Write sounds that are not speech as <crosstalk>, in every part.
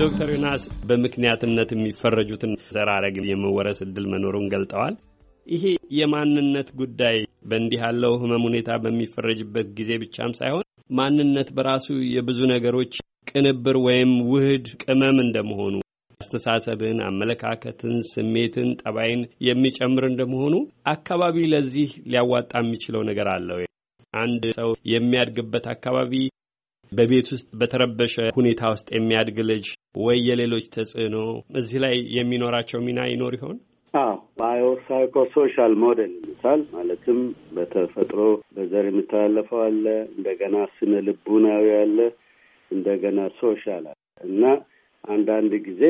ዶክተር ዮናስ በምክንያትነት የሚፈረጁትን ዘራረግ የመወረስ እድል መኖሩን ገልጠዋል። ይሄ የማንነት ጉዳይ በእንዲህ ያለው ህመም ሁኔታ በሚፈረጅበት ጊዜ ብቻም ሳይሆን ማንነት በራሱ የብዙ ነገሮች ቅንብር ወይም ውህድ ቅመም እንደመሆኑ አስተሳሰብን፣ አመለካከትን፣ ስሜትን፣ ጠባይን የሚጨምር እንደመሆኑ አካባቢ ለዚህ ሊያዋጣ የሚችለው ነገር አለው። አንድ ሰው የሚያድግበት አካባቢ በቤት ውስጥ በተረበሸ ሁኔታ ውስጥ የሚያድግ ልጅ ወይ የሌሎች ተጽዕኖ እዚህ ላይ የሚኖራቸው ሚና ይኖር ይሆን? አዎ ባዮሳይኮሶሻል ሞዴል ይሉታል። ማለትም በተፈጥሮ በዘር የምተላለፈው አለ፣ እንደገና ስነ ልቡናዊ አለ፣ እንደገና ሶሻል አለ እና አንዳንድ ጊዜ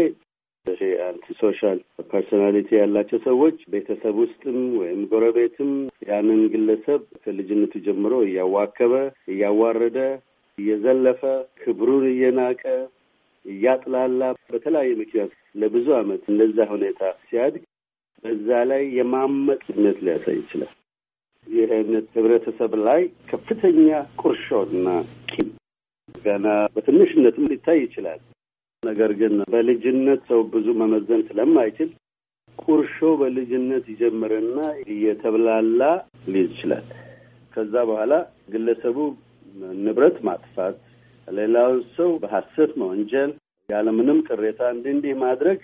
አንቲ ሶሻል ፐርሶናሊቲ ያላቸው ሰዎች ቤተሰብ ውስጥም ወይም ጎረቤትም ያንን ግለሰብ ከልጅነቱ ጀምሮ እያዋከበ፣ እያዋረደ፣ እየዘለፈ፣ ክብሩን እየናቀ፣ እያጥላላ በተለያየ ምክንያት ለብዙ ዓመት እንደዛ ሁኔታ ሲያድግ በዛ ላይ የማመጥ ሊያሳይ ይችላል። ይህን ህብረተሰብ ላይ ከፍተኛ ቁርሾና ቂም ገና በትንሽነትም ሊታይ ይችላል። ነገር ግን በልጅነት ሰው ብዙ መመዘን ስለማይችል ቁርሾ በልጅነት ይጀምርና እየተብላላ ሊይዝ ይችላል። ከዛ በኋላ ግለሰቡ ንብረት ማጥፋት፣ ሌላው ሰው በሐሰት መወንጀል፣ ያለምንም ቅሬታ እንዲህ እንዲህ ማድረግ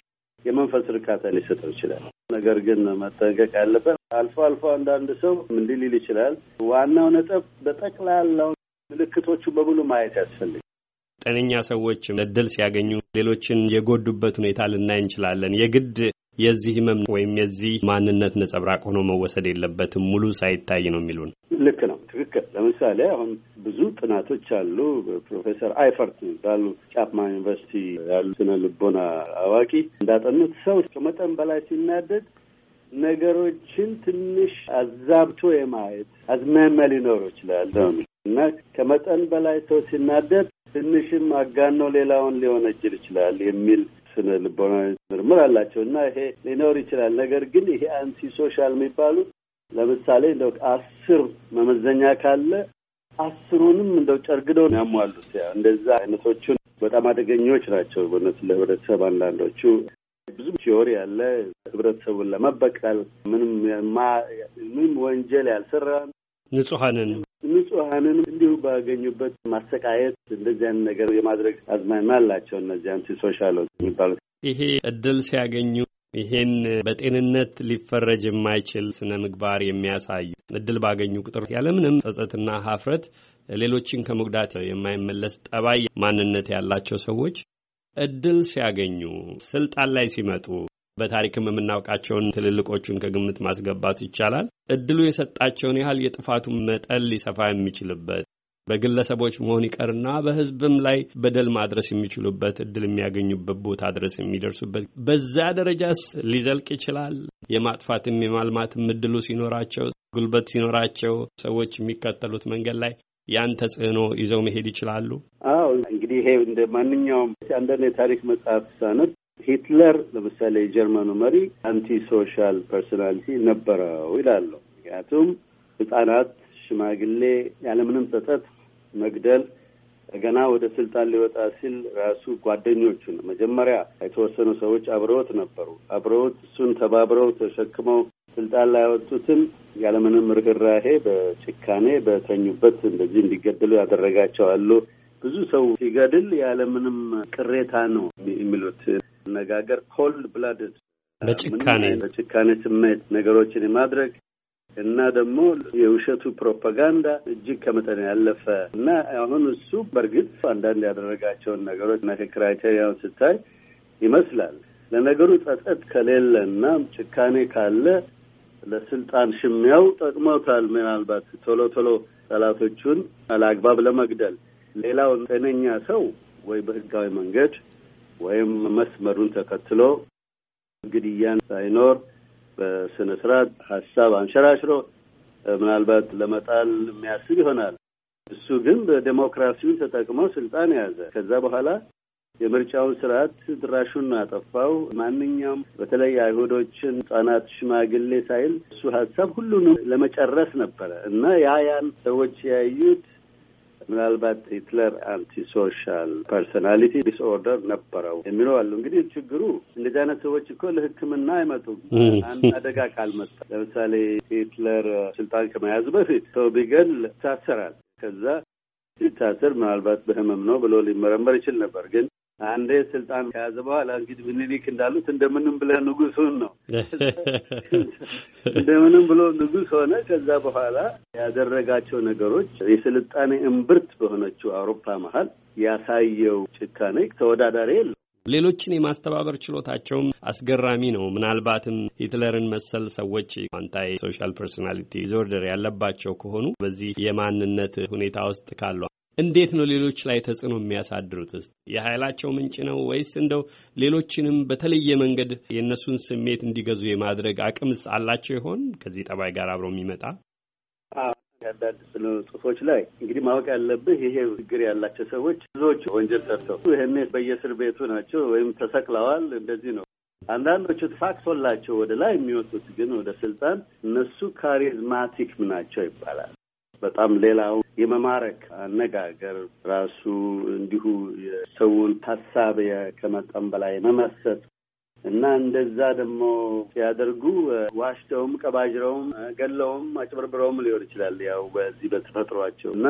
የመንፈስ እርካታ ሊሰጠው ይችላል። ነገር ግን መጠንቀቅ ያለበት አልፎ አልፎ አንዳንድ ሰው እንዲህ ሊል ይችላል። ዋናው ነጥብ በጠቅላላው ምልክቶቹ በሙሉ ማየት ያስፈልጋል። ጤነኛ ሰዎች እድል ሲያገኙ ሌሎችን የጎዱበት ሁኔታ ልናይ እንችላለን። የግድ የዚህ ህመም ወይም የዚህ ማንነት ነጸብራቅ ሆኖ መወሰድ የለበትም ሙሉ ሳይታይ ነው የሚሉን። ልክ ነው፣ ትክክል። ለምሳሌ አሁን ብዙ ጥናቶች አሉ። ፕሮፌሰር አይፈርት ባሉ ጫፕማ ዩኒቨርሲቲ ያሉ ስነ ልቦና አዋቂ እንዳጠኑት ሰው ከመጠን በላይ ሲናደድ ነገሮችን ትንሽ አዛብቶ የማየት አዝማሚያ ሊኖረው ይችላል እና ከመጠን በላይ ሰው ሲናደድ ትንሽም አጋኖ ሌላውን ሊሆነጅል ይችላል የሚል ስነ ልቦና ምርምር አላቸው እና ይሄ ሊኖር ይችላል። ነገር ግን ይሄ አንቲ ሶሻል የሚባሉት ለምሳሌ እንደው አስር መመዘኛ ካለ አስሩንም እንደው ጨርግደው ነው ያሟሉት። ያ እንደዛ አይነቶቹን በጣም አደገኞች ናቸው በእውነት ለህብረተሰብ። አንዳንዶቹ ብዙ ቲዮሪ ያለ ህብረተሰቡን ለመበቀል ምንም ምንም ወንጀል ያልሰራ ንጹሐንን ንጹሀንንም እንዲሁ ባገኙበት ማሰቃየት እንደዚያን ነገር የማድረግ አዝማሚያ አላቸው። እነዚያን ሶሻሎች የሚባሉት ይሄ እድል ሲያገኙ ይሄን በጤንነት ሊፈረጅ የማይችል ስነ ምግባር የሚያሳዩ እድል ባገኙ ቁጥር ያለምንም ጸጸትና ሀፍረት ሌሎችን ከመጉዳት የማይመለስ ጠባይ ማንነት ያላቸው ሰዎች እድል ሲያገኙ ስልጣን ላይ ሲመጡ በታሪክም የምናውቃቸውን ትልልቆቹን ከግምት ማስገባት ይቻላል። እድሉ የሰጣቸውን ያህል የጥፋቱ መጠን ሊሰፋ የሚችልበት በግለሰቦች መሆን ይቀርና በሕዝብም ላይ በደል ማድረስ የሚችሉበት እድል የሚያገኙበት ቦታ ድረስ የሚደርሱበት በዛ ደረጃስ ሊዘልቅ ይችላል። የማጥፋትም የማልማትም እድሉ ሲኖራቸው፣ ጉልበት ሲኖራቸው ሰዎች የሚከተሉት መንገድ ላይ ያን ተጽዕኖ ይዘው መሄድ ይችላሉ። አዎ እንግዲህ ይሄ እንደ ማንኛውም አንዳንድ የታሪክ መጽሐፍ ሳነት ሂትለር ለምሳሌ የጀርመኑ መሪ አንቲ ሶሻል ፐርሶናሊቲ ነበረው ይላሉ። ምክንያቱም ህጻናት፣ ሽማግሌ ያለምንም ጸጸት መግደል ገና ወደ ስልጣን ሊወጣ ሲል ራሱ ጓደኞቹ ነው መጀመሪያ የተወሰኑ ሰዎች አብረውት ነበሩ። አብረውት እሱን ተባብረው ተሸክመው ስልጣን ላይ ያወጡትን ያለምንም ርኅራሄ በጭካኔ በተኙበት እንደዚህ እንዲገደሉ ያደረጋቸው አሉ። ብዙ ሰው ሲገድል ያለምንም ቅሬታ ነው የሚሉት። አነጋገር ኮልድ ብላድ በጭካኔ በጭካኔ ስሜት ነገሮችን የማድረግ እና ደግሞ የውሸቱ ፕሮፓጋንዳ እጅግ ከመጠን ያለፈ እና አሁን እሱ በእርግጥ አንዳንድ ያደረጋቸውን ነገሮች እና ከክራይቴሪያውን ስታይ ይመስላል። ለነገሩ ጸጸት ከሌለ እና ጭካኔ ካለ ለስልጣን ሽሚያው ጠቅሞታል። ምናልባት ቶሎ ቶሎ ጠላቶቹን አላግባብ ለመግደል ሌላውን ጤነኛ ሰው ወይ በህጋዊ መንገድ ወይም መስመሩን ተከትሎ ግድያን ሳይኖር በስነ ስርዓት ሀሳብ አንሸራሽሮ ምናልባት ለመጣል የሚያስብ ይሆናል። እሱ ግን በዴሞክራሲውን ተጠቅመው ስልጣን የያዘ ከዛ በኋላ የምርጫውን ስርዓት ድራሹን አጠፋው። ማንኛውም በተለይ አይሁዶችን፣ ህጻናት፣ ሽማግሌ ሳይል እሱ ሀሳብ ሁሉንም ለመጨረስ ነበረ እና ያ ያን ሰዎች ያዩት ምናልባት ሂትለር አንቲ ሶሻል ፐርሶናሊቲ ዲስኦርደር ነበረው የሚሉ አሉ። እንግዲህ ችግሩ እንደዚህ አይነት ሰዎች እኮ ለሕክምና አይመጡም። አንድ አደጋ ካልመጣ ለምሳሌ ሂትለር ስልጣን ከመያዙ በፊት ሰው ቢገል ይታሰራል። ከዛ ሲታሰር ምናልባት በህመም ነው ብሎ ሊመረመር ይችል ነበር ግን አንዴ ስልጣን ከያዘ በኋላ እንግዲህ ምኒልክ እንዳሉት እንደምንም ብለ ንጉሱን ነው <laughs> እንደምንም ብሎ ንጉስ ሆነ። ከዛ በኋላ ያደረጋቸው ነገሮች የስልጣኔ እምብርት በሆነችው አውሮፓ መሀል ያሳየው ጭካኔ ተወዳዳሪ የለም። ሌሎችን የማስተባበር ችሎታቸውም አስገራሚ ነው። ምናልባትም ሂትለርን መሰል ሰዎች አንታይ ሶሻል ፐርሶናሊቲ ዲስኦርደር ያለባቸው ከሆኑ በዚህ የማንነት ሁኔታ ውስጥ ካሉ እንዴት ነው ሌሎች ላይ ተጽዕኖ የሚያሳድሩት የኃይላቸው ምንጭ ነው ወይስ እንደው ሌሎችንም በተለየ መንገድ የእነሱን ስሜት እንዲገዙ የማድረግ አቅምስ አላቸው ይሆን? ከዚህ ጠባይ ጋር አብሮ የሚመጣ አንዳንድ ስነ ጽሁፎች ላይ እንግዲህ ማወቅ ያለብህ ይሄ ችግር ያላቸው ሰዎች ብዙዎቹ ወንጀል ሰርተው ይህን በየእስር ቤቱ ናቸው ወይም ተሰቅለዋል። እንደዚህ ነው። አንዳንዶቹ ፋክሶላቸው ወደ ላይ የሚወጡት ግን ወደ ስልጣን እነሱ ካሪዝማቲክ ናቸው ይባላል። በጣም ሌላው የመማረክ አነጋገር ራሱ እንዲሁ የሰውን ሀሳብ ከመጠን በላይ መመሰጥ እና እንደዛ ደግሞ ሲያደርጉ ዋሽተውም ቀባጅረውም ገለውም አጭበርብረውም ሊሆን ይችላል። ያው በዚህ በተፈጥሯቸው እና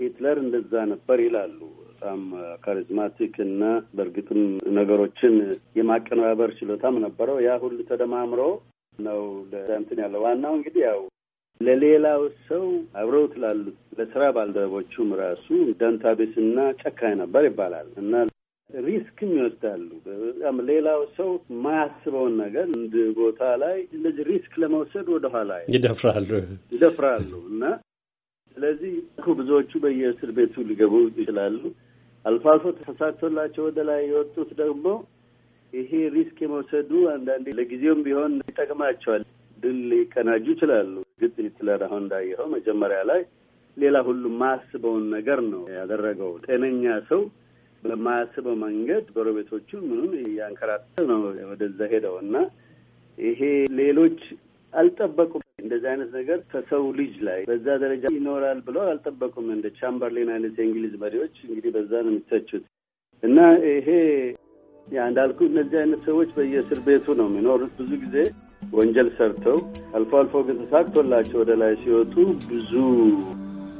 ሂትለር እንደዛ ነበር ይላሉ። በጣም ካሪዝማቲክ እና በእርግጥም ነገሮችን የማቀነባበር ችሎታም ነበረው። ያ ሁሉ ተደማምሮ ነው እንትን ያለው። ዋናው እንግዲህ ያው ለሌላው ሰው አብረውት ላሉት ለስራ ባልደረቦቹም ራሱ ደንታቤስና ጨካኝ ነበር ይባላል እና ሪስክም ይወስዳሉ። በጣም ሌላው ሰው የማያስበውን ነገር እንድ ቦታ ላይ እንደዚህ ሪስክ ለመውሰድ ወደኋላ ይደፍራሉ ይደፍራሉ እና ስለዚህ ብዙዎቹ በየእስር ቤቱ ሊገቡ ይችላሉ። አልፎ አልፎ ተሳክቶላቸው ወደ ላይ የወጡት ደግሞ ይሄ ሪስክ የመውሰዱ አንዳንዴ ለጊዜውም ቢሆን ይጠቅማቸዋል። ድል ሊቀናጁ ይችላሉ። ግድ ሂትለር አሁን እንዳየኸው መጀመሪያ ላይ ሌላ ሁሉም ማያስበውን ነገር ነው ያደረገው። ጤነኛ ሰው በማያስበው መንገድ ጎረቤቶቹ ምኑን እያንከራተ ነው ወደዛ ሄደው እና ይሄ ሌሎች አልጠበቁም። እንደዚህ አይነት ነገር ከሰው ልጅ ላይ በዛ ደረጃ ይኖራል ብለው አልጠበቁም። እንደ ቻምበርሊን አይነት የእንግሊዝ መሪዎች እንግዲህ በዛ ነው የሚተቹት እና ይሄ ያ እንዳልኩ እነዚህ አይነት ሰዎች በየእስር ቤቱ ነው የሚኖሩት ብዙ ጊዜ ወንጀል ሰርተው አልፎ አልፎ ግን ተሳክቶላቸው ወደ ላይ ሲወጡ ብዙ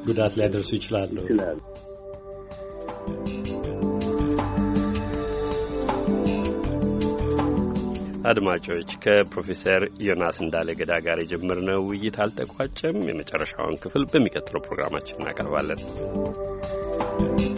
ጉዳት ሊያደርሱ ይችላሉ ይችላሉ። አድማጮች ከፕሮፌሰር ዮናስ እንዳለ ገዳ ጋር የጀመርነው ውይይት አልተቋጨም። የመጨረሻውን ክፍል በሚቀጥለው ፕሮግራማችን እናቀርባለን።